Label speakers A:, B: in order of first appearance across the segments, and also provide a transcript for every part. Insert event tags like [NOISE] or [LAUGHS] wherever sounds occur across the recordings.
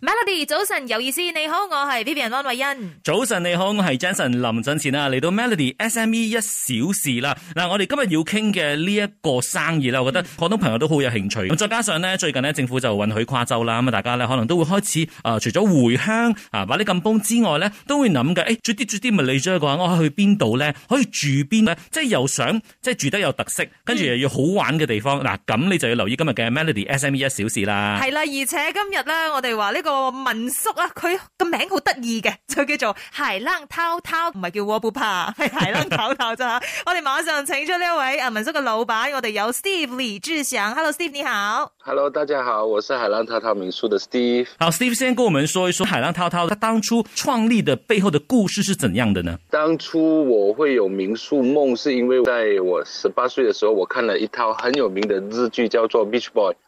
A: Melody，早晨有意思，你好，我係 P P R 安慧恩。
B: 早晨你好，我係 Jason 林振前啊，嚟到 Melody S M E 一小時啦。嗱，我哋今日要傾嘅呢一個生意啦，我覺得廣東朋友都好有興趣。咁、嗯、再加上呢，最近政府就允許跨州啦，咁啊大家可能都會開始、呃、除咗回啊，除咗回鄉啊或者啲金之外呢，都會諗緊。誒，住啲住啲咪你咗一個，我去邊度呢？可以住邊呢？即係又想即係住得有特色，跟住又要好玩嘅地方。嗱、嗯，咁你就要留意今日嘅 Melody S M E 一小時啦。係
A: 啦，而且今日咧，我哋話呢個。這個民宿啊，佢個名好得意嘅，就叫做海浪滔滔，唔係叫卧鋪爬，係海浪滔滔啫。 [LAUGHS] 我哋馬上請出呢一位啊民宿嘅老闆，我哋有 Steve 李志祥。Hello，Steve 你好。
C: Hello，大家好，我是海浪滔滔民宿嘅 Steve。
B: 好，Steve 先跟我們說一說海浪滔滔，他當初創立的背後的故事是怎樣的呢？當
C: 初我會有民宿夢，是因為在我十八歲的時候，我看了一套很有名的日劇，叫做《Beach Boy》。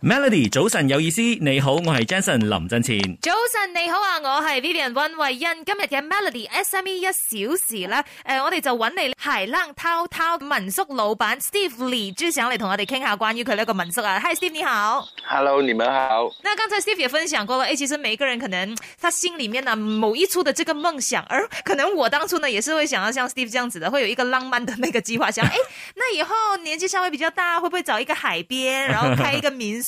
B: Melody，早晨有意思，你好，我係 Jason 林振前。
A: 早晨你好啊，我係 Vivian 溫慧欣。今日嘅 Melody SME 一小時咧，誒、呃，我哋就揾你海浪滔滔民宿老闆 Steve Lee 就想嚟同我哋傾下關於佢呢個民宿啊。Hi Steve 你好
C: ，Hello 你們好。
A: 那剛才 Steve 也分享過了誒、哎，其實每個人可能他心裏面呢某一處的這個夢想，而可能我當初呢也是會想要像 Steve 這樣子的，會有一個浪漫的那個計劃， [LAUGHS] 想誒、哎，那以後年紀稍微比較大，會不會找一個海邊，然後開一個民宿。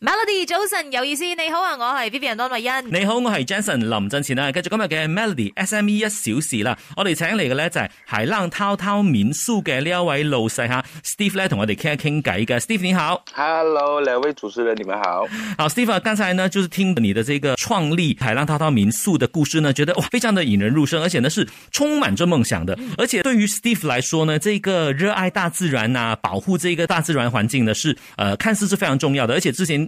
A: Melody 早晨有意思，你好啊，我係 Vivian 多美欣。
B: 你好，我係 Jason 林振前啊，繼續今日嘅 Melody SME 一小時啦。我哋請嚟嘅咧就係海浪滔滔民宿嘅呢一位老細哈 Steve 咧，同我哋傾一傾偈嘅。Steve 你好，Hello 兩位主持人你們好。好，Steve 啊，剛才呢，就是聽你的這個創立海浪滔滔民宿的故事呢，覺得哇，非常的引人入勝，而且呢是充滿着夢想的。嗯、而且對於 Steve 來說呢，這個熱愛大自然啊，保護這個大自然環境呢，是，呃，看似是非常重要的。而且之前。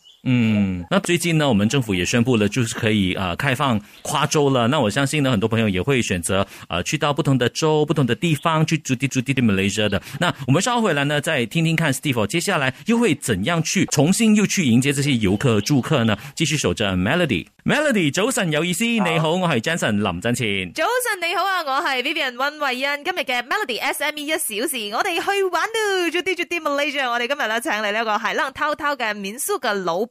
B: 嗯，那最近呢，我們政府也宣布了，就是可以啊、呃、開放跨州了。那我相信呢，很多朋友也會選擇啊、呃、去到不同的州、不同的地方去 Cuti Cuti Malaysia 的。那我們稍後回來呢，再聽聽看 Steve 接下來又會怎樣去重新又去迎接這些遊客住客呢？繼續守着 Melody，Melody Mel 早晨有意思，你好，啊、我係 Janson 林振前。
A: 早晨你好啊，我係 Vivian 溫慧欣。今日嘅 Melody SME 一小時，我哋去玩啦，Cuti Cuti Malaysia。我哋今日呢，請嚟呢個係浪滔滔嘅民宿嘅老婆。